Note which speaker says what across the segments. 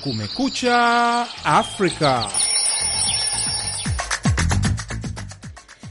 Speaker 1: Kumekucha Afrika.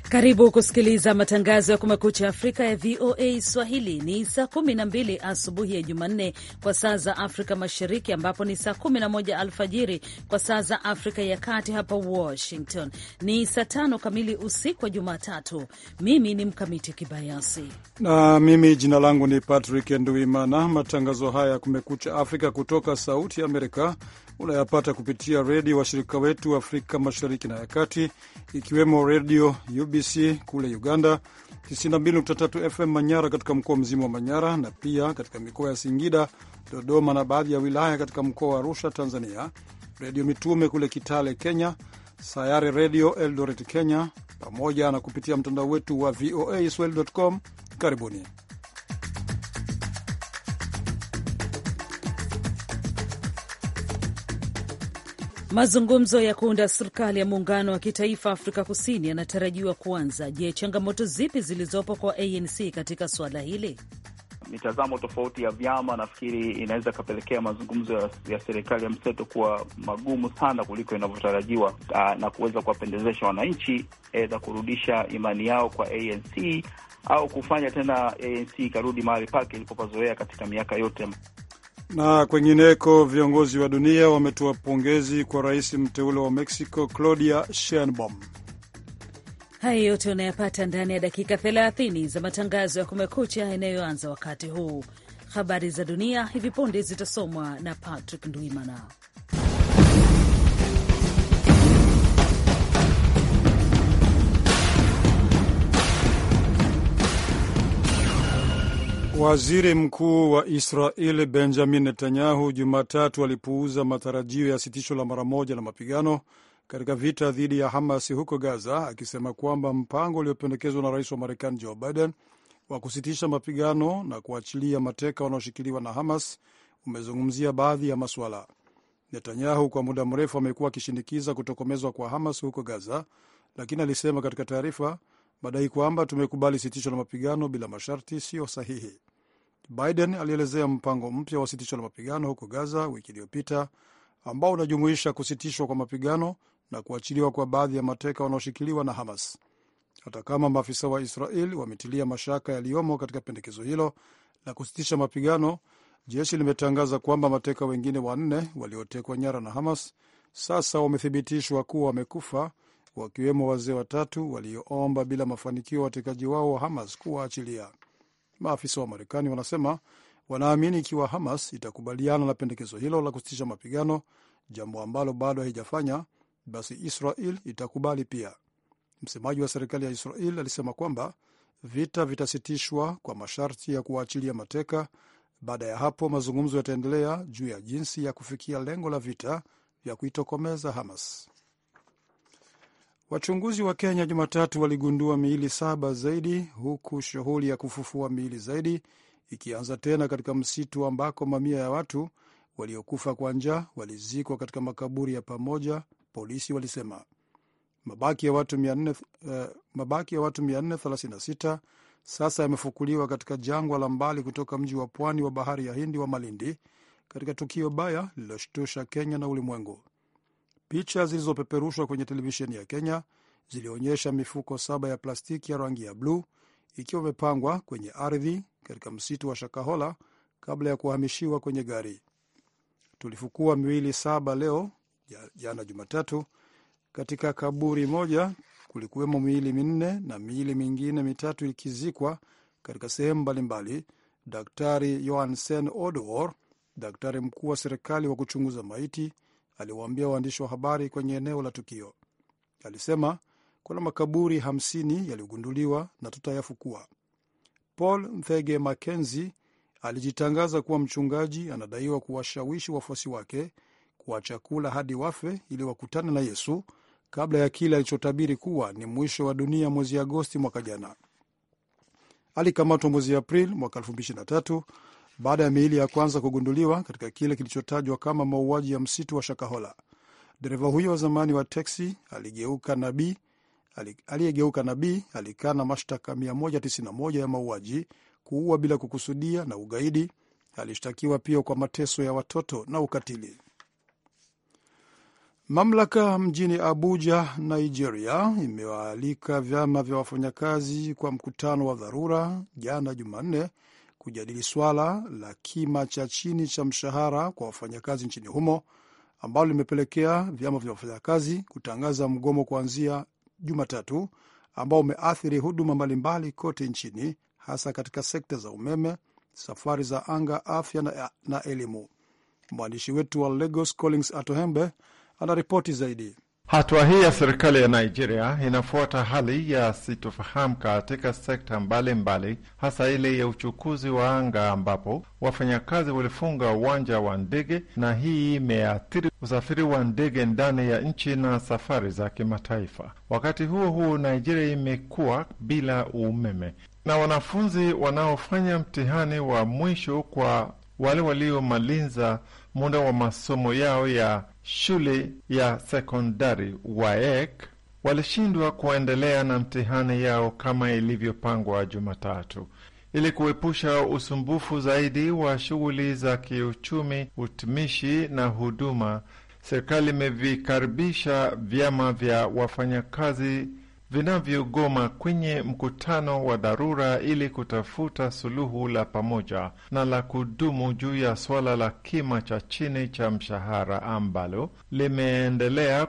Speaker 2: Karibu kusikiliza matangazo ya Kumekucha Afrika ya VOA Swahili. Ni saa 12 asubuhi ya Jumanne kwa saa za Afrika Mashariki, ambapo ni saa 11 alfajiri kwa saa za Afrika ya Kati. Hapa Washington ni saa tano kamili usiku wa Jumatatu. Mimi ni Mkamiti Kibayasi
Speaker 3: na mimi jina langu ni Patrick Nduimana. Matangazo haya ya Kumekucha Afrika kutoka Sauti ya Amerika unayapata kupitia redio washirika wetu Afrika Mashariki na ya Kati, ikiwemo redio UBC kule Uganda, 92.3 FM Manyara katika mkoa mzima wa Manyara, na pia katika mikoa ya Singida, Dodoma na baadhi ya wilaya katika mkoa wa Arusha, Tanzania, redio Mitume kule Kitale, Kenya, Sayare redio Eldoret, Kenya, pamoja na kupitia mtandao wetu wa VOA swahili.com. Karibuni.
Speaker 2: Mazungumzo ya kuunda serikali ya muungano wa kitaifa Afrika Kusini yanatarajiwa kuanza. Je, changamoto zipi zilizopo kwa ANC katika suala hili?
Speaker 4: Mitazamo tofauti ya vyama nafikiri inaweza ikapelekea mazungumzo ya, ya serikali ya mseto kuwa magumu sana kuliko inavyotarajiwa ah, na kuweza kuwapendezesha wananchi, aidha kurudisha imani yao kwa ANC au kufanya tena ANC ikarudi mahali pake ilipopazoea katika miaka yote.
Speaker 3: Na kwengineko, viongozi wa dunia wametoa pongezi kwa rais mteule wa Mexico Claudia Sheinbaum.
Speaker 2: Haya yote unayapata ndani ya dakika 30 za matangazo ya Kumekucha yanayoanza wakati huu. Habari za dunia hivi punde zitasomwa na Patrick Ndwimana.
Speaker 3: Waziri Mkuu wa Israeli Benjamin Netanyahu Jumatatu alipuuza matarajio ya sitisho la mara moja la mapigano katika vita dhidi ya Hamas huko Gaza, akisema kwamba mpango uliopendekezwa na rais wa Marekani Joe Biden wa kusitisha mapigano na kuachilia mateka wanaoshikiliwa na Hamas umezungumzia baadhi ya masuala. Netanyahu kwa muda mrefu amekuwa akishinikiza kutokomezwa kwa Hamas huko Gaza, lakini alisema katika taarifa, madai kwamba tumekubali sitisho la mapigano bila masharti siyo sahihi. Biden alielezea mpango mpya wa sitisho la mapigano huko Gaza wiki iliyopita ambao unajumuisha kusitishwa kwa mapigano na kuachiliwa kwa baadhi ya mateka wanaoshikiliwa na Hamas. Hata kama maafisa wa Israel wametilia mashaka yaliyomo katika pendekezo hilo la kusitisha mapigano, jeshi limetangaza kwamba mateka wengine wanne waliotekwa nyara na Hamas sasa wamethibitishwa kuwa wamekufa, wakiwemo wazee watatu walioomba bila mafanikio watekaji wao wa Hamas kuwaachilia. Maafisa wa Marekani wanasema wanaamini ikiwa Hamas itakubaliana na pendekezo hilo la kusitisha mapigano, jambo ambalo bado haijafanya, basi Israel itakubali pia. Msemaji wa serikali ya Israel alisema kwamba vita vitasitishwa kwa masharti ya kuwaachilia mateka. Baada ya hapo, mazungumzo yataendelea juu ya jinsi ya kufikia lengo la vita vya kuitokomeza Hamas. Wachunguzi wa Kenya Jumatatu waligundua miili saba zaidi huku shughuli ya kufufua miili zaidi ikianza tena katika msitu ambako mamia ya watu waliokufa kwa njaa walizikwa katika makaburi ya pamoja, polisi walisema. Mabaki ya watu 436 uh, eh, sasa yamefukuliwa katika jangwa la mbali kutoka mji wa pwani wa bahari ya Hindi wa Malindi, katika tukio baya lililoshtusha Kenya na ulimwengu. Picha zilizopeperushwa kwenye televisheni ya Kenya zilionyesha mifuko saba ya plastiki ya rangi ya bluu ikiwa imepangwa kwenye ardhi katika msitu wa Shakahola kabla ya kuhamishiwa kwenye gari. Tulifukua miili saba leo jana Jumatatu. Katika kaburi moja kulikuwemo miili minne na miili mingine mitatu ikizikwa katika sehemu mbalimbali. Daktari Johansen Oduor, daktari mkuu wa serikali wa kuchunguza maiti, aliwaambia waandishi wa habari kwenye eneo la tukio. Alisema kuna makaburi hamsini yaliyogunduliwa na tutayafukua. Paul Mthege makenzi alijitangaza kuwa mchungaji, anadaiwa kuwashawishi wafuasi wake kuwa chakula hadi wafe ili wakutane na Yesu kabla ya kile alichotabiri kuwa ni mwisho wa dunia mwezi Agosti mwaka jana. Alikamatwa mwezi Aprili mwaka baada ya miili ya kwanza kugunduliwa katika kile kilichotajwa kama mauaji ya msitu wa Shakahola. Dereva huyo wa zamani wa teksi aliyegeuka nabii alikaa alikana mashtaka 191 ya mauaji, kuua bila kukusudia na ugaidi. Alishtakiwa pia kwa mateso ya watoto na ukatili. Mamlaka mjini Abuja, Nigeria, imewaalika vyama vya wafanyakazi kwa mkutano wa dharura jana Jumanne kujadili swala la kima cha chini cha mshahara kwa wafanyakazi nchini humo ambalo limepelekea vyama vya wafanyakazi kutangaza mgomo kuanzia Jumatatu ambao umeathiri huduma mbalimbali kote nchini, hasa katika sekta za umeme, safari za anga, afya na, na elimu. Mwandishi wetu wa Lagos Collins Atohembe anaripoti zaidi.
Speaker 1: Hatua hii ya serikali ya Nigeria inafuata hali ya sitofahamu katika sekta mbalimbali mbali, hasa ile ya uchukuzi wa anga ambapo wafanyakazi walifunga uwanja wa ndege, na hii imeathiri usafiri wa ndege ndani ya nchi na safari za kimataifa. Wakati huo huo, Nigeria imekuwa bila umeme na wanafunzi wanaofanya mtihani wa mwisho kwa wale waliomaliza muda wa masomo yao ya shule ya sekondari WAEC walishindwa kuendelea na mtihani yao kama ilivyopangwa Jumatatu. Ili kuepusha usumbufu zaidi wa shughuli za kiuchumi, utumishi na huduma, serikali imevikaribisha vyama vya wafanyakazi vinavyogoma kwenye mkutano wa dharura ili kutafuta suluhu la pamoja na la kudumu juu ya suala la kima cha chini cha mshahara ambalo limeendelea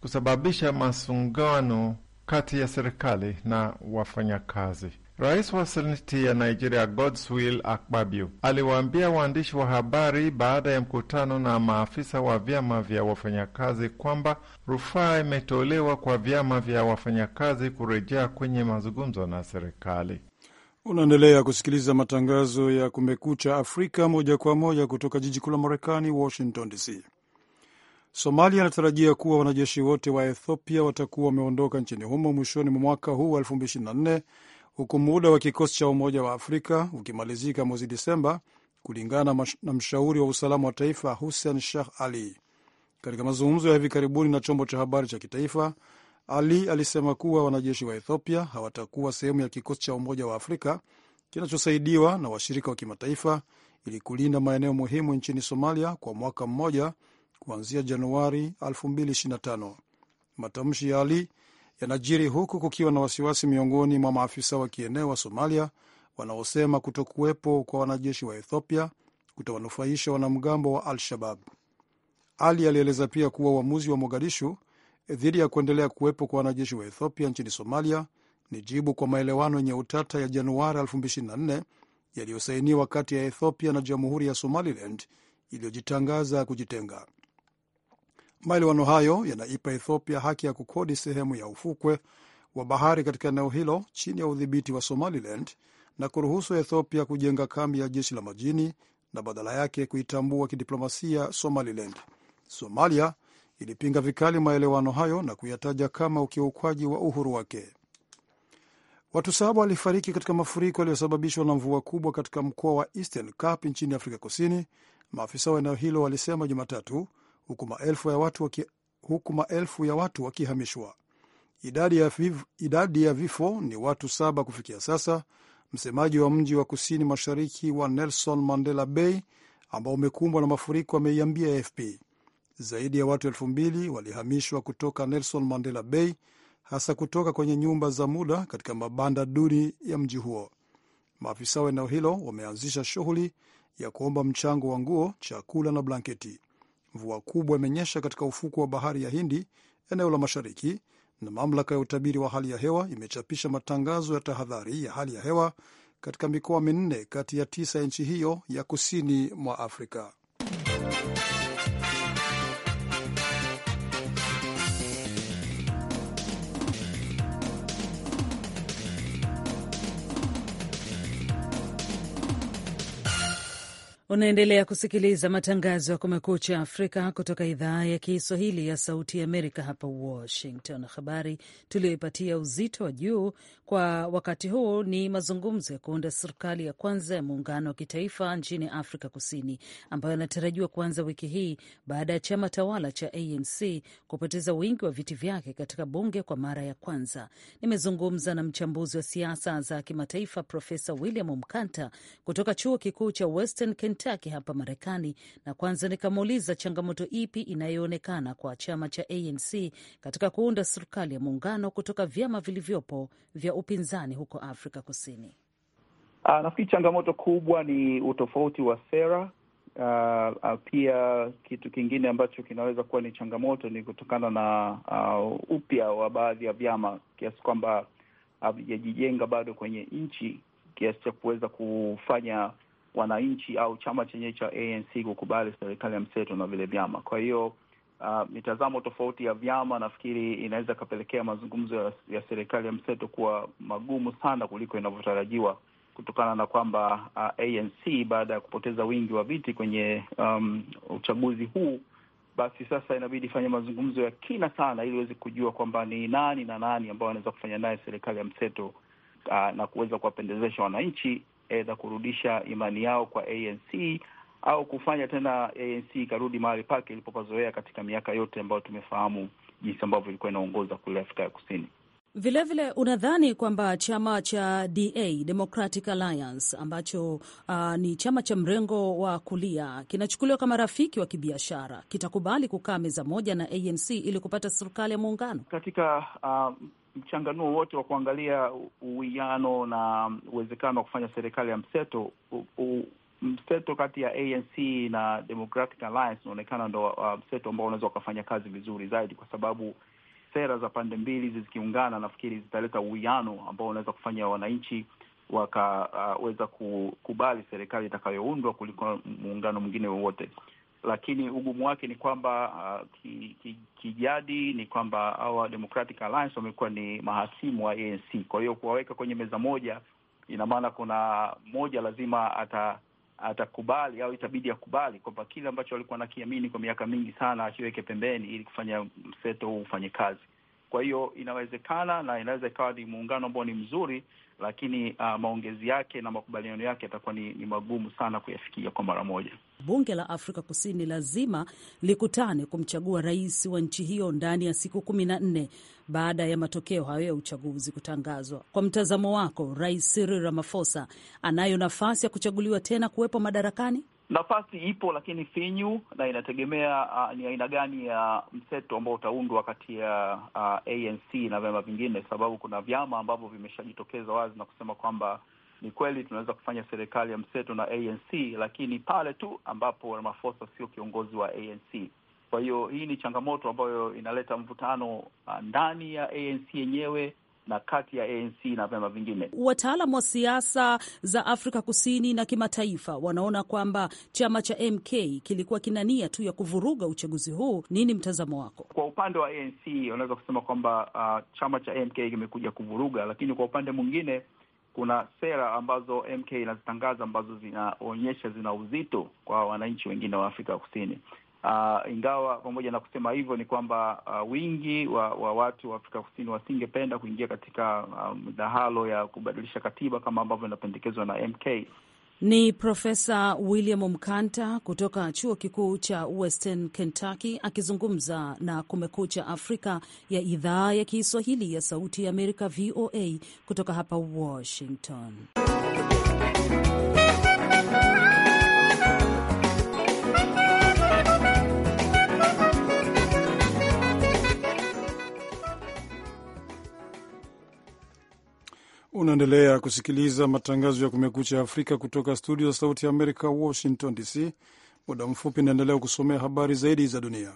Speaker 1: kusababisha masungano kati ya serikali na wafanyakazi. Rais wa Seneti ya Nigeria Godswill Akpabio aliwaambia waandishi wa habari baada ya mkutano na maafisa wa vyama vya wafanyakazi kwamba rufaa imetolewa kwa vyama vya wafanyakazi kurejea kwenye mazungumzo na serikali.
Speaker 3: Unaendelea kusikiliza matangazo ya Kumekucha Afrika moja kwa moja kutoka jiji kuu la Marekani, Washington DC. Somalia anatarajia kuwa wanajeshi wote wa Ethiopia watakuwa wameondoka nchini humo mwishoni mwa mwaka huu wa 2024 huku muda wa kikosi cha Umoja wa Afrika ukimalizika mwezi Disemba, kulingana na mshauri wa usalama wa taifa Hussein Sheikh Ali. Katika mazungumzo ya hivi karibuni na chombo cha habari cha kitaifa, Ali alisema kuwa wanajeshi wa Ethiopia hawatakuwa sehemu ya kikosi cha Umoja wa Afrika kinachosaidiwa na washirika wa kimataifa ili kulinda maeneo muhimu nchini Somalia kwa mwaka mmoja kuanzia Januari 2025. Matamshi ya Ali yanajiri huku kukiwa na wasiwasi miongoni mwa maafisa wa kieneo wa Somalia wanaosema kutokuwepo kwa wanajeshi wa Ethiopia kutawanufaisha wanamgambo wa Al-Shabab. Ali alieleza pia kuwa uamuzi wa Mogadishu dhidi ya kuendelea kuwepo kwa wanajeshi wa Ethiopia nchini Somalia ni jibu kwa maelewano yenye utata ya Januari 2024 yaliyosainiwa kati ya Ethiopia na Jamhuri ya Somaliland iliyojitangaza kujitenga. Maelewano hayo yanaipa Ethiopia haki ya kukodi sehemu ya ufukwe wa bahari katika eneo hilo chini ya udhibiti wa Somaliland na kuruhusu Ethiopia kujenga kambi ya jeshi la majini na badala yake kuitambua kidiplomasia Somaliland. Somalia ilipinga vikali maelewano hayo na kuyataja kama ukiukwaji wa uhuru wake. Watu saba walifariki katika mafuriko yaliyosababishwa na mvua kubwa katika mkoa wa Eastern Cape nchini Afrika Kusini, maafisa wa eneo hilo walisema Jumatatu, huku maelfu ya watu waki, huku maelfu ya watu wakihamishwa. Idadi ya, idadi ya vifo ni watu saba kufikia sasa. Msemaji wa mji wa kusini mashariki wa Nelson Mandela Bay ambao umekumbwa na mafuriko ameiambia AFP zaidi ya watu elfu mbili walihamishwa kutoka Nelson Mandela Bay, hasa kutoka kwenye nyumba za muda katika mabanda duni ya mji huo. Maafisa wa eneo hilo wameanzisha shughuli ya kuomba mchango wa nguo, chakula na blanketi. Mvua kubwa imenyesha katika ufuko wa bahari ya Hindi, eneo la mashariki, na mamlaka ya utabiri wa hali ya hewa imechapisha matangazo ya tahadhari ya hali ya hewa katika mikoa minne kati ya tisa ya nchi hiyo ya kusini mwa Afrika.
Speaker 2: Unaendelea kusikiliza matangazo ya Kumekucha Afrika kutoka idhaa ya Kiswahili ya Sauti ya Amerika hapa Washington. Habari tuliyoipatia uzito wa juu kwa wakati huu ni mazungumzo ya kuunda serikali ya kwanza ya muungano wa kitaifa nchini Afrika Kusini, ambayo yanatarajiwa kuanza wiki hii baada ya chama tawala cha ANC kupoteza wingi wa viti vyake katika bunge kwa mara ya kwanza. Nimezungumza na mchambuzi wa siasa za kimataifa Profesa William Mkanta kutoka chuo kikuu cha Western Kentucky hapa Marekani, na kwanza nikamuuliza changamoto ipi inayoonekana kwa chama cha ANC katika kuunda serikali ya muungano kutoka vyama vilivyopo vya upinzani huko Afrika Kusini.
Speaker 4: Uh, nafikiri changamoto kubwa ni utofauti wa sera. Uh, pia kitu kingine ambacho kinaweza kuwa ni changamoto ni kutokana na uh, upya wa baadhi ya vyama kiasi kwamba havijajijenga bado kwenye nchi kiasi cha kuweza kufanya wananchi au chama chenyewe cha ANC kukubali serikali ya mseto na vile vyama. Kwa hiyo uh, mitazamo tofauti ya vyama nafikiri inaweza ikapelekea mazungumzo ya, ya serikali ya mseto kuwa magumu sana kuliko inavyotarajiwa kutokana na kwamba uh, ANC baada ya kupoteza wingi wa viti kwenye um, uchaguzi huu, basi sasa inabidi ifanye mazungumzo ya kina sana, ili iweze kujua kwamba ni nani na nani ambao wanaweza kufanya naye serikali ya mseto uh, na kuweza kuwapendezesha wananchi aidha kurudisha imani yao kwa ANC au kufanya tena ANC ikarudi mahali pake ilipopazoea katika miaka yote ambayo tumefahamu jinsi ambavyo ilikuwa inaongoza kule Afrika ya Kusini.
Speaker 2: Vilevile, unadhani kwamba chama cha DA, Democratic Alliance, ambacho uh, ni chama cha mrengo wa kulia kinachukuliwa kama rafiki wa kibiashara kitakubali kukaa meza moja na ANC ili kupata serikali ya muungano?
Speaker 4: Katika uh, mchanganuo wote wa kuangalia uwiano na um, uwezekano wa kufanya serikali ya mseto u, u, mseto kati ya ANC na Democratic Alliance unaonekana ndo uh, mseto ambao unaweza ukafanya kazi vizuri zaidi, kwa sababu sera za pande mbili hizi zikiungana, nafikiri zitaleta uwiano ambao unaweza kufanya wananchi wakaweza uh, kukubali serikali itakayoundwa kuliko muungano mwingine wowote lakini ugumu wake ni kwamba uh, kijadi ki, ki ni kwamba hawa Democratic Alliance wamekuwa ni mahasimu wa ANC. Kwa hiyo kuwaweka kwenye meza moja, ina maana kuna mmoja lazima ata atakubali au itabidi akubali kwamba kile ambacho alikuwa nakiamini kwa miaka mingi sana akiweke pembeni, ili kufanya mseto huu ufanye kazi. Kwa hiyo inawezekana na inaweza ikawa ni muungano ambao ni mzuri, lakini uh, maongezi yake na makubaliano yake yatakuwa ni, ni magumu sana kuyafikia kwa mara moja.
Speaker 2: Bunge la Afrika Kusini lazima likutane kumchagua rais wa nchi hiyo ndani ya siku kumi na nne baada ya matokeo hayo ya uchaguzi kutangazwa. Kwa mtazamo wako, Rais Cyril Ramaphosa anayo nafasi ya kuchaguliwa tena kuwepo madarakani?
Speaker 4: Nafasi ipo lakini finyu, na inategemea uh, ni aina gani ya mseto ambao utaundwa kati ya uh, ANC na vyama vingine, sababu kuna vyama ambavyo vimeshajitokeza wazi na kusema kwamba ni kweli tunaweza kufanya serikali ya mseto na ANC, lakini pale tu ambapo Ramaphosa sio kiongozi wa ANC. Kwa hiyo hii ni changamoto ambayo inaleta mvutano uh, ndani ya ANC yenyewe na kati ya ANC na vyama vingine.
Speaker 2: Wataalamu wa siasa za Afrika Kusini na kimataifa wanaona kwamba chama cha MK kilikuwa kina nia tu ya kuvuruga uchaguzi huu. Nini mtazamo wako?
Speaker 4: Kwa upande wa ANC wanaweza kusema kwamba uh, chama cha MK kimekuja kuvuruga, lakini kwa upande mwingine kuna sera ambazo MK inazitangaza ambazo zinaonyesha zina uzito kwa wananchi wengine wa Afrika Kusini. Uh, ingawa pamoja na kusema hivyo ni kwamba uh, wingi wa, wa watu wa Afrika Kusini wasingependa kuingia katika ah, midahalo um, ya kubadilisha katiba kama ambavyo inapendekezwa na MK.
Speaker 2: Ni Profesa William Mkanta kutoka Chuo Kikuu cha Western Kentucky akizungumza na Kumekucha Afrika ya idhaa ya Kiswahili ya Sauti ya Amerika VOA kutoka hapa Washington.
Speaker 3: Unaendelea kusikiliza matangazo ya Kumekucha Afrika kutoka studio za Sauti ya Amerika, Washington DC. Muda mfupi inaendelea kusomea habari zaidi za dunia.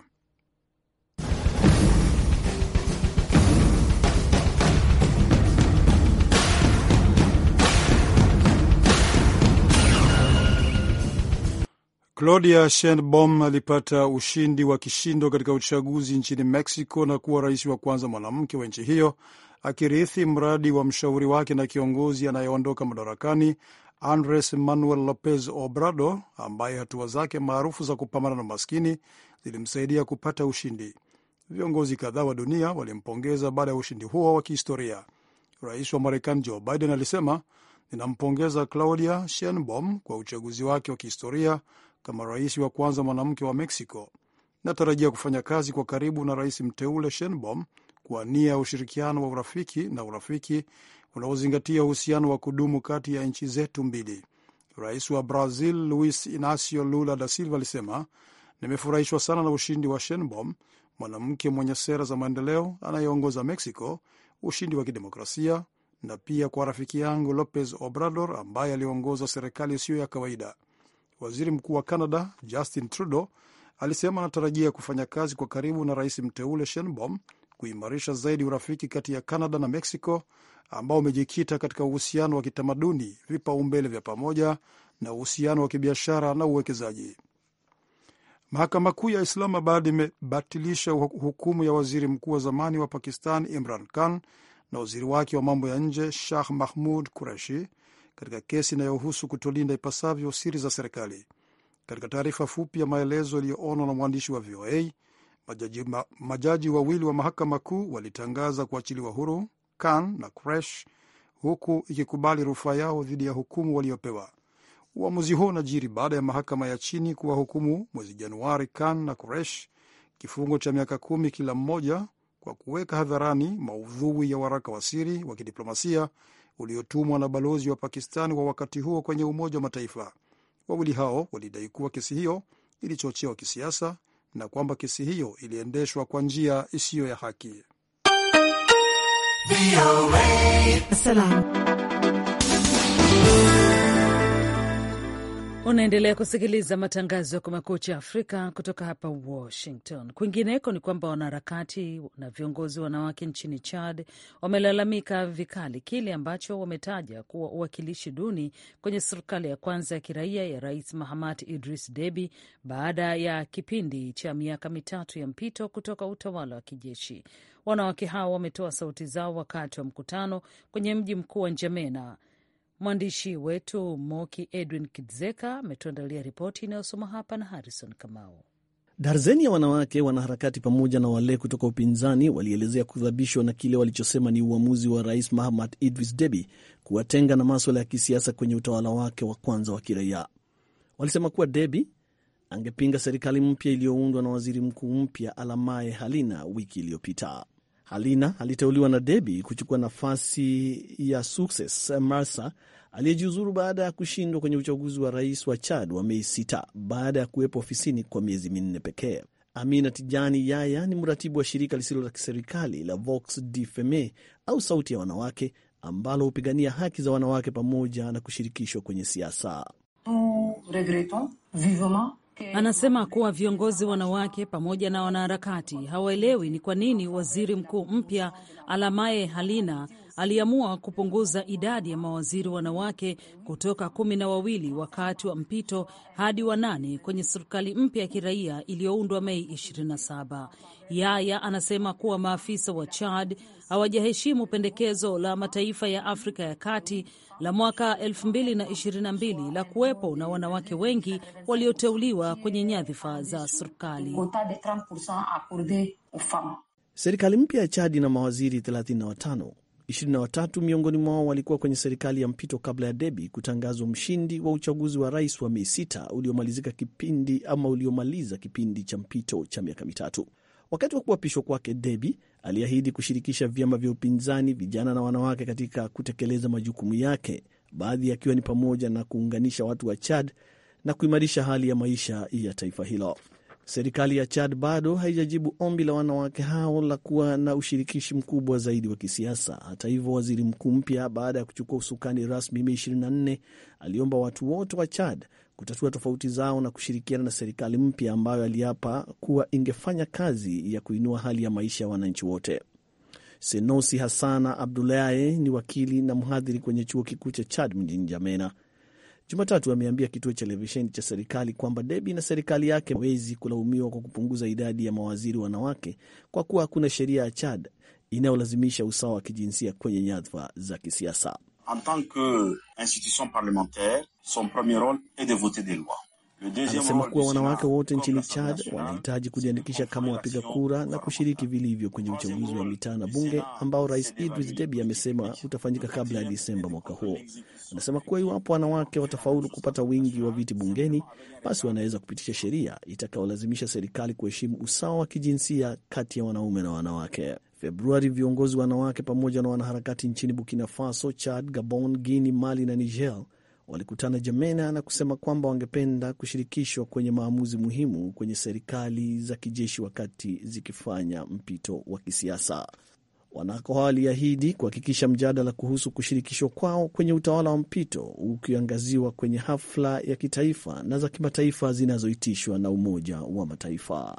Speaker 3: Claudia Sheinbaum alipata ushindi wa kishindo katika uchaguzi nchini Mexico na kuwa rais wa kwanza mwanamke wa nchi hiyo akirithi mradi wa mshauri wake na kiongozi anayeondoka madarakani Andres Manuel Lopez Obrador ambaye hatua zake maarufu za kupambana na maskini zilimsaidia kupata ushindi. Viongozi kadhaa wa dunia walimpongeza baada ya ushindi huo wa kihistoria. Rais wa Marekani Joe Biden alisema, ninampongeza Claudia Sheinbaum kwa uchaguzi wake wa kihistoria kama rais wa kwanza mwanamke wa Mexico. Natarajia kufanya kazi kwa karibu na rais mteule Sheinbaum kwa nia ya ushirikiano wa urafiki na urafiki unaozingatia uhusiano wa kudumu kati ya nchi zetu mbili. Rais wa Brazil Luis Inacio Lula da Silva alisema, nimefurahishwa sana na ushindi wa Sheinbaum, mwanamke mwenye sera za maendeleo anayeongoza Mexico, ushindi wa kidemokrasia na pia kwa rafiki yangu Lopez Obrador ambaye aliongoza serikali isiyo ya kawaida. Waziri Mkuu wa Canada Justin Trudeau alisema anatarajia kufanya kazi kwa karibu na rais mteule Sheinbaum kuimarisha zaidi urafiki kati ya Canada na Mexico ambao umejikita katika uhusiano wa kitamaduni, vipaumbele vya pamoja na uhusiano wa kibiashara na uwekezaji. Mahakama Kuu ya Islamabad imebatilisha hukumu ya waziri mkuu wa zamani wa Pakistan Imran Khan na waziri wake wa mambo ya nje Shah Mahmud Qureshi katika kesi inayohusu kutolinda ipasavyo siri za serikali. Katika taarifa fupi ya maelezo iliyoonwa na mwandishi wa VOA, majaji, ma, majaji wawili wa mahakama kuu walitangaza kuachiliwa huru Khan na Koresh, huku ikikubali rufaa yao dhidi ya hukumu waliopewa. Uamuzi huo unajiri baada ya mahakama ya chini kuwahukumu mwezi Januari Khan na Koresh kifungo cha miaka kumi kila mmoja kwa kuweka hadharani maudhui ya waraka wa siri wa kidiplomasia uliotumwa na balozi wa Pakistan kwa wakati huo kwenye Umoja wa Mataifa. Wawili hao walidai kuwa kesi hiyo ilichochewa kisiasa na kwamba kesi hiyo iliendeshwa kwa njia isiyo ya haki.
Speaker 2: Salam. Unaendelea kusikiliza matangazo ya Kumekucha Afrika kutoka hapa Washington. Kwingineko ni kwamba wanaharakati na viongozi wanawake nchini Chad wamelalamika vikali kile ambacho wametaja kuwa uwakilishi duni kwenye serikali ya kwanza ya kiraia ya Rais Mahamat Idris Deby baada ya kipindi cha miaka mitatu ya mpito kutoka utawala wa kijeshi. Wanawake hao wametoa sauti zao wakati wa mkutano kwenye mji mkuu wa Njamena Mwandishi wetu Moki Edwin Kidzeka ametuandalia ripoti inayosoma hapa na Harrison Kamau.
Speaker 5: Darzeni ya wanawake wanaharakati pamoja na wale kutoka upinzani walielezea kudhabishwa na kile walichosema ni uamuzi wa Rais Mahamat Idris Deby kuwatenga na maswala ya kisiasa kwenye utawala wake wa kwanza wa kiraia. Walisema kuwa Deby angepinga serikali mpya iliyoundwa na waziri mkuu mpya Alamae Halina wiki iliyopita. Halina aliteuliwa na Debi kuchukua nafasi ya Sukses Marsa aliyejiuzuru baada ya kushindwa kwenye uchaguzi wa rais wa Chad wa Mei 6 baada ya kuwepo ofisini kwa miezi minne pekee. Amina Tijani Yaya ni mratibu wa shirika lisilo la kiserikali la Vox de Femme au sauti ya wanawake ambalo hupigania haki za wanawake pamoja na kushirikishwa kwenye siasa.
Speaker 2: Anasema kuwa viongozi wanawake pamoja na wanaharakati hawaelewi ni kwa nini waziri mkuu mpya Alamae Halina aliamua kupunguza idadi ya mawaziri wanawake kutoka kumi na wawili wakati wa mpito hadi wanane kwenye serikali mpya ya kiraia iliyoundwa Mei 27. Yaya anasema kuwa maafisa wa Chad hawajaheshimu pendekezo la mataifa ya Afrika ya Kati la mwaka 2022 la kuwepo na wanawake wengi walioteuliwa kwenye nyadhifa za serikali.
Speaker 5: Serikali mpya ya Chadi na mawaziri 35 23 miongoni mwao walikuwa kwenye serikali ya mpito kabla ya debi kutangazwa mshindi wa uchaguzi wa rais wa Mei sita uliomalizika kipindi ama uliomaliza kipindi cha mpito cha miaka mitatu. Wakati wa kuapishwa kwake, debi aliahidi kushirikisha vyama vya upinzani, vijana na wanawake katika kutekeleza majukumu yake, baadhi yakiwa ni pamoja na kuunganisha watu wa Chad na kuimarisha hali ya maisha ya taifa hilo. Serikali ya Chad bado haijajibu ombi la wanawake hao la kuwa na ushirikishi mkubwa zaidi wa kisiasa. Hata hivyo, waziri mkuu mpya baada ya kuchukua usukani rasmi Mei 24 aliomba watu wote wa Chad kutatua tofauti zao na kushirikiana na serikali mpya ambayo aliapa kuwa ingefanya kazi ya kuinua hali ya maisha ya wananchi wote. Senosi hasana Abdulaye ni wakili na mhadhiri kwenye chuo kikuu cha Chad mjini Jamena. Jumatatu ameambia kituo cha televisheni cha serikali kwamba Debi na serikali yake hawezi kulaumiwa kwa kupunguza idadi ya mawaziri wanawake kwa kuwa hakuna sheria ya Chad inayolazimisha usawa wa kijinsia kwenye nyadhifa za kisiasa.
Speaker 6: En tant que institution parlementaire son premier role est de voter des lois anasema kuwa
Speaker 5: wanawake wote nchini Chad wanahitaji kujiandikisha kama wapiga kura na kushiriki vilivyo kwenye uchaguzi wa mitaa na bunge ambao Rais Idris Deby amesema utafanyika kabla ya Disemba mwaka huo. Anasema kuwa iwapo wanawake watafaulu kupata wingi wa viti bungeni, basi wanaweza kupitisha sheria itakayolazimisha serikali kuheshimu usawa wa kijinsia kati ya wanaume na wanawake. Februari, viongozi wanawake pamoja na wanaharakati nchini Burkina Faso, Chad, Gabon, Guini, Mali na Niger walikutana Jamena na kusema kwamba wangependa kushirikishwa kwenye maamuzi muhimu kwenye serikali za kijeshi wakati zikifanya mpito wa kisiasa. Wanako waliahidi kuhakikisha mjadala kuhusu kushirikishwa kwao kwenye utawala wa mpito ukiangaziwa kwenye hafla ya kitaifa na za kimataifa zinazoitishwa na Umoja wa Mataifa.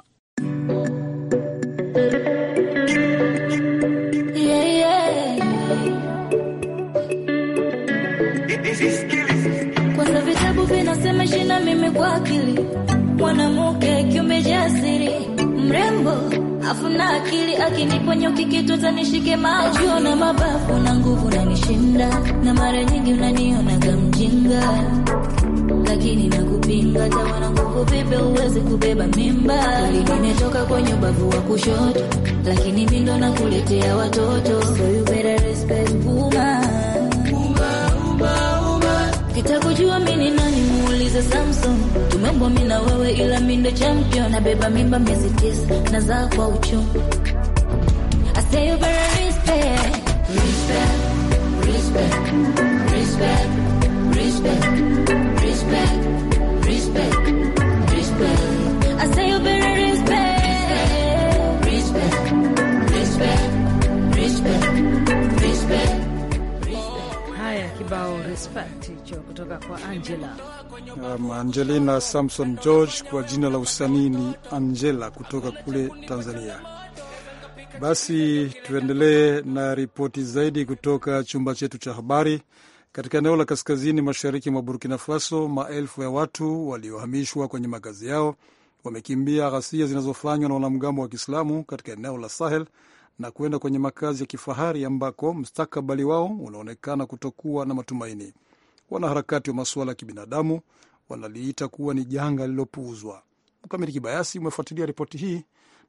Speaker 5: Yeah, yeah
Speaker 2: akili, mwanamke kiume jasiri, mrembo afuna akili, akiniponya ukikitu zanishike macho na mabafu na nguvu nanishinda, na mara nyingi unaniona kamjinga, lakini nakupinga tawana nguvu vipe uweze kubeba mimba, nimetoka kwenye ubavu wa kushoto, lakini ndo nakuletea watoto, so you better respect woman. Kitakujua mimi nani tucheze Samson, tumeombwa mimi na wewe, ila mimi ndo champion. Nabeba mimba miezi tisa, za kwa uchungu. I say you better respect, respect, respect, respect, respect, respect, Haya kibao respect mwisho kutoka kwa Angela
Speaker 3: um, Angelina Samson George, kwa jina la usanii ni Angela kutoka kule Tanzania. Basi tuendelee na ripoti zaidi kutoka chumba chetu cha habari. Katika eneo la kaskazini mashariki mwa Burkina Faso, maelfu ya watu waliohamishwa kwenye makazi yao wamekimbia ghasia zinazofanywa na wanamgambo wa Kiislamu katika eneo la Sahel na kuenda kwenye makazi ya kifahari ambako mstakabali wao unaonekana kutokuwa na matumaini wanaharakati wa masuala ya kibinadamu wanaliita kuwa ni janga lililopuuzwa. Mkamiti Kibayasi, umefuatilia ripoti hii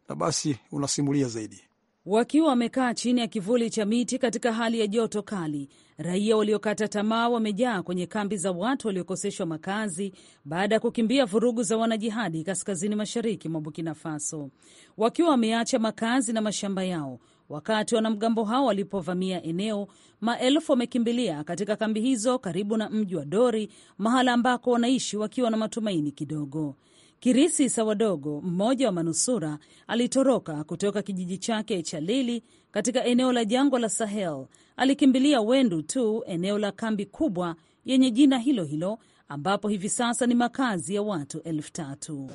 Speaker 3: na basi unasimulia zaidi.
Speaker 2: Wakiwa wamekaa chini ya kivuli cha miti katika hali ya joto kali, raia waliokata tamaa wamejaa kwenye kambi za watu waliokoseshwa makazi baada ya kukimbia vurugu za wanajihadi kaskazini mashariki mwa Burkina Faso, wakiwa wameacha makazi na mashamba yao. Wakati wanamgambo hao walipovamia eneo, maelfu wamekimbilia katika kambi hizo karibu na mji wa Dori, mahala ambako wanaishi wakiwa na matumaini kidogo. Kirisi Sawadogo, mmoja wa manusura, alitoroka kutoka kijiji chake cha Lili katika eneo la jangwa la Sahel. Alikimbilia Wendu tu, eneo la kambi kubwa yenye jina hilo hilo, ambapo hivi sasa ni makazi ya watu elfu tatu.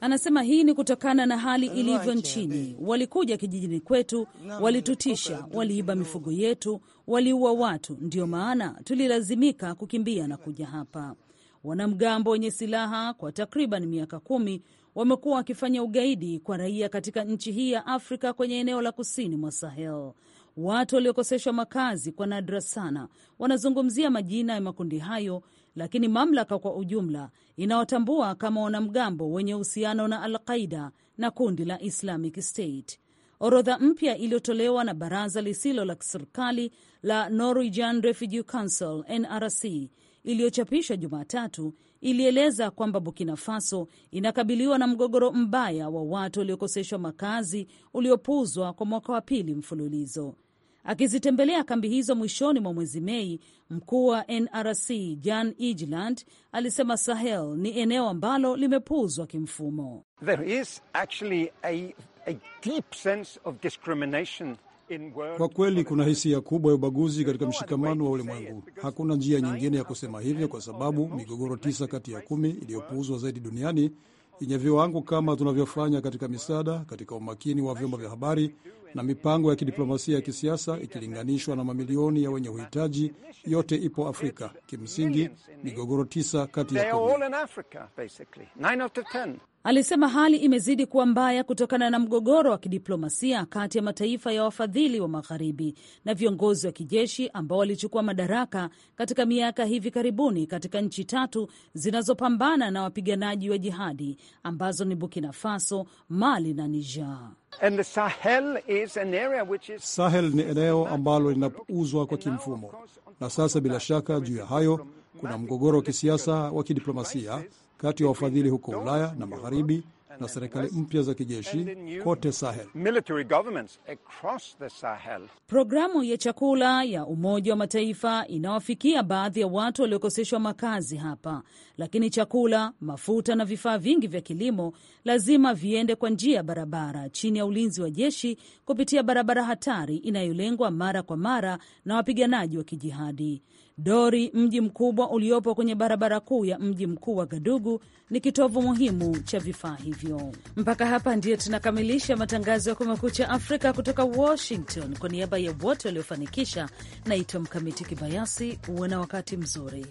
Speaker 2: Anasema hii ni kutokana na hali ilivyo
Speaker 5: nchini.
Speaker 2: Walikuja kijijini kwetu, walitutisha, waliiba mifugo yetu, waliua watu, ndio maana tulilazimika kukimbia na kuja hapa. Wanamgambo wenye silaha kwa takriban miaka kumi wamekuwa wakifanya ugaidi kwa raia katika nchi hii ya Afrika kwenye eneo la kusini mwa Sahel. Watu waliokoseshwa makazi kwa nadra sana wanazungumzia majina ya makundi hayo lakini mamlaka kwa ujumla inawatambua kama wanamgambo wenye uhusiano na Al-Qaida na kundi la Islamic State. Orodha mpya iliyotolewa na baraza lisilo la serikali la Norwegian Refugee Council NRC iliyochapishwa Jumatatu ilieleza kwamba Burkina Faso inakabiliwa na mgogoro mbaya wa watu waliokoseshwa makazi uliopuuzwa kwa mwaka wa pili mfululizo. Akizitembelea kambi hizo mwishoni mwa mwezi Mei, mkuu wa NRC Jan Egeland alisema Sahel ni eneo ambalo limepuuzwa kimfumo.
Speaker 3: There is actually a, a deep sense of discrimination kwa kweli kuna hisia kubwa ya ubaguzi katika mshikamano wa ulimwengu. Hakuna njia nyingine ya kusema hivyo, kwa sababu migogoro tisa kati ya kumi iliyopuuzwa zaidi duniani yenye viwango kama tunavyofanya katika misaada, katika umakini wa vyombo vya habari na mipango ya kidiplomasia ya kisiasa ikilinganishwa na mamilioni ya wenye uhitaji. Yote ipo Afrika. Kimsingi, migogoro tisa kati ya kumi.
Speaker 2: Alisema hali imezidi kuwa mbaya kutokana na mgogoro wa kidiplomasia kati ya mataifa ya wafadhili wa magharibi na viongozi wa kijeshi ambao walichukua madaraka katika miaka hivi karibuni katika nchi tatu zinazopambana na wapiganaji wa jihadi ambazo ni Burkina Faso, Mali na Niger.
Speaker 1: Sahel, is...
Speaker 3: Sahel ni eneo ambalo linauzwa kwa kimfumo, na sasa bila shaka juu ya hayo kuna mgogoro wa kisiasa wa kidiplomasia kati ya wafadhili huko Ulaya na Magharibi na serikali mpya za kijeshi kote Sahel.
Speaker 2: Programu ya chakula ya Umoja wa Mataifa inawafikia baadhi ya watu waliokoseshwa makazi hapa, lakini chakula, mafuta na vifaa vingi vya kilimo lazima viende kwa njia ya barabara chini ya ulinzi wa jeshi kupitia barabara hatari inayolengwa mara kwa mara na wapiganaji wa kijihadi. Dori, mji mkubwa uliopo kwenye barabara kuu ya mji mkuu wa Gadugu, ni kitovu muhimu cha vifaa hivyo. Mpaka hapa ndiyo tunakamilisha matangazo ya Kumekucha Afrika kutoka Washington. Kwa niaba ya wote waliofanikisha, naitwa Mkamiti Kibayasi. Uwe na wakati mzuri.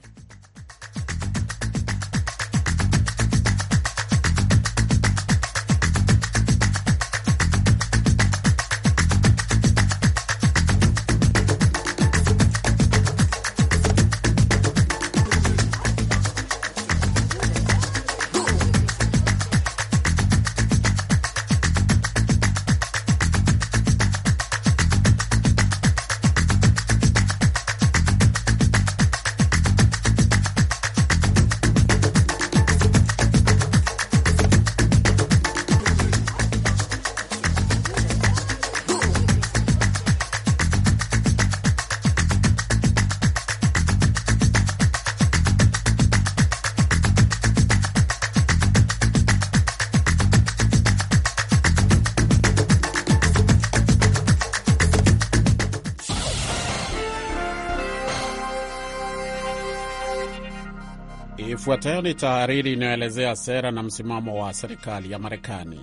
Speaker 6: Ifuatayo ni tahariri inayoelezea sera na msimamo wa serikali ya Marekani.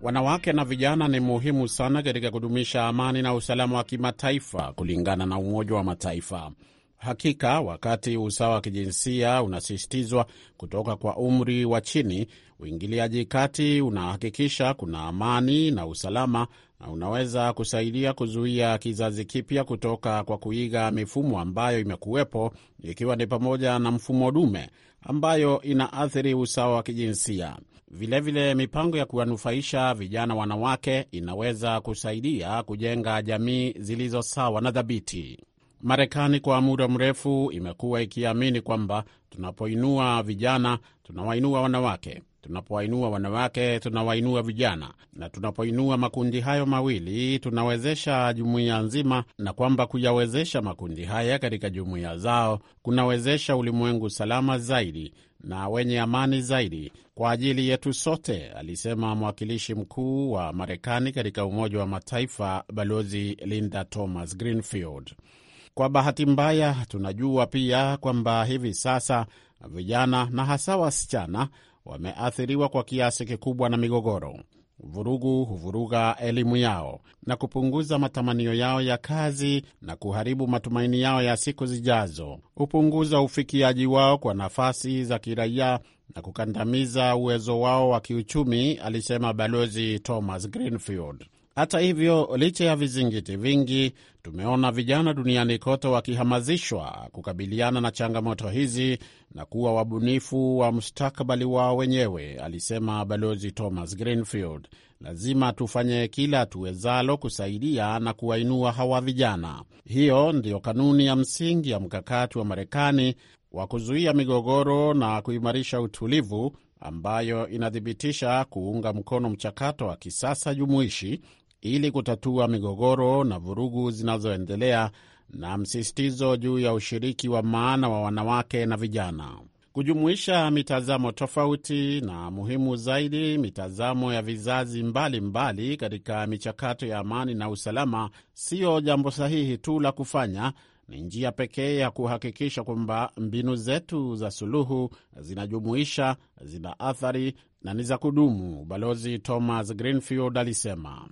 Speaker 6: Wanawake na vijana ni muhimu sana katika kudumisha amani na usalama wa kimataifa kulingana na Umoja wa Mataifa. Hakika, wakati usawa wa kijinsia unasisitizwa kutoka kwa umri wa chini, uingiliaji kati unahakikisha kuna amani na usalama na unaweza kusaidia kuzuia kizazi kipya kutoka kwa kuiga mifumo ambayo imekuwepo, ikiwa ni pamoja na mfumo dume ambayo inaathiri usawa wa kijinsia. Vilevile, mipango ya kuwanufaisha vijana wanawake inaweza kusaidia kujenga jamii zilizo sawa na dhabiti. Marekani kwa muda mrefu imekuwa ikiamini kwamba tunapoinua vijana tunawainua wanawake. Tunapowainua wanawake, tunawainua vijana, na tunapoinua makundi hayo mawili, tunawezesha jumuiya nzima, na kwamba kuyawezesha makundi haya katika jumuiya zao kunawezesha ulimwengu salama zaidi na wenye amani zaidi kwa ajili yetu sote, alisema mwakilishi mkuu wa Marekani katika Umoja wa Mataifa, Balozi Linda Thomas Greenfield. Kwa bahati mbaya, tunajua pia kwamba hivi sasa vijana na hasa wasichana wameathiriwa kwa kiasi kikubwa na migogoro. Vurugu huvuruga elimu yao na kupunguza matamanio yao ya kazi na kuharibu matumaini yao ya siku zijazo, hupunguza ufikiaji wao kwa nafasi za kiraia na kukandamiza uwezo wao wa kiuchumi, alisema Balozi Thomas Greenfield. Hata hivyo, licha ya vizingiti vingi, tumeona vijana duniani kote wakihamazishwa kukabiliana na changamoto hizi na kuwa wabunifu wa mustakabali wao wenyewe, alisema Balozi Thomas Greenfield. Lazima tufanye kila tuwezalo kusaidia na kuwainua hawa vijana. Hiyo ndiyo kanuni ya msingi ya mkakati wa Marekani wa kuzuia migogoro na kuimarisha utulivu ambayo inathibitisha kuunga mkono mchakato wa kisasa jumuishi ili kutatua migogoro na vurugu zinazoendelea na msisitizo juu ya ushiriki wa maana wa wanawake na vijana, kujumuisha mitazamo tofauti na muhimu zaidi, mitazamo ya vizazi mbalimbali mbali katika michakato ya amani na usalama, siyo jambo sahihi tu la kufanya ni njia pekee ya kuhakikisha kwamba mbinu zetu za suluhu zinajumuisha, zina athari na ni za kudumu, Balozi Thomas Greenfield alisema.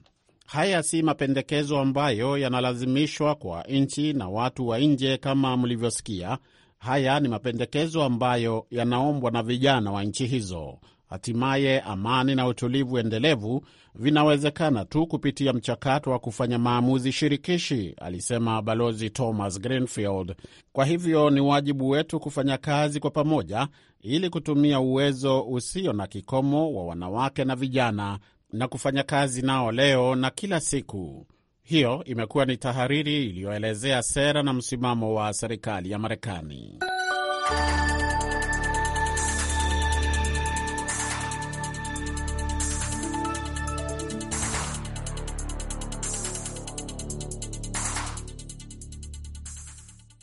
Speaker 6: Haya si mapendekezo ambayo yanalazimishwa kwa nchi na watu wa nje kama mlivyosikia. Haya ni mapendekezo ambayo yanaombwa na vijana wa nchi hizo. Hatimaye amani na utulivu endelevu vinawezekana tu kupitia mchakato wa kufanya maamuzi shirikishi, alisema Balozi Thomas Greenfield. Kwa hivyo ni wajibu wetu kufanya kazi kwa pamoja ili kutumia uwezo usio na kikomo wa wanawake na vijana na kufanya kazi nao leo na kila siku. Hiyo imekuwa ni tahariri iliyoelezea sera na msimamo wa serikali ya Marekani.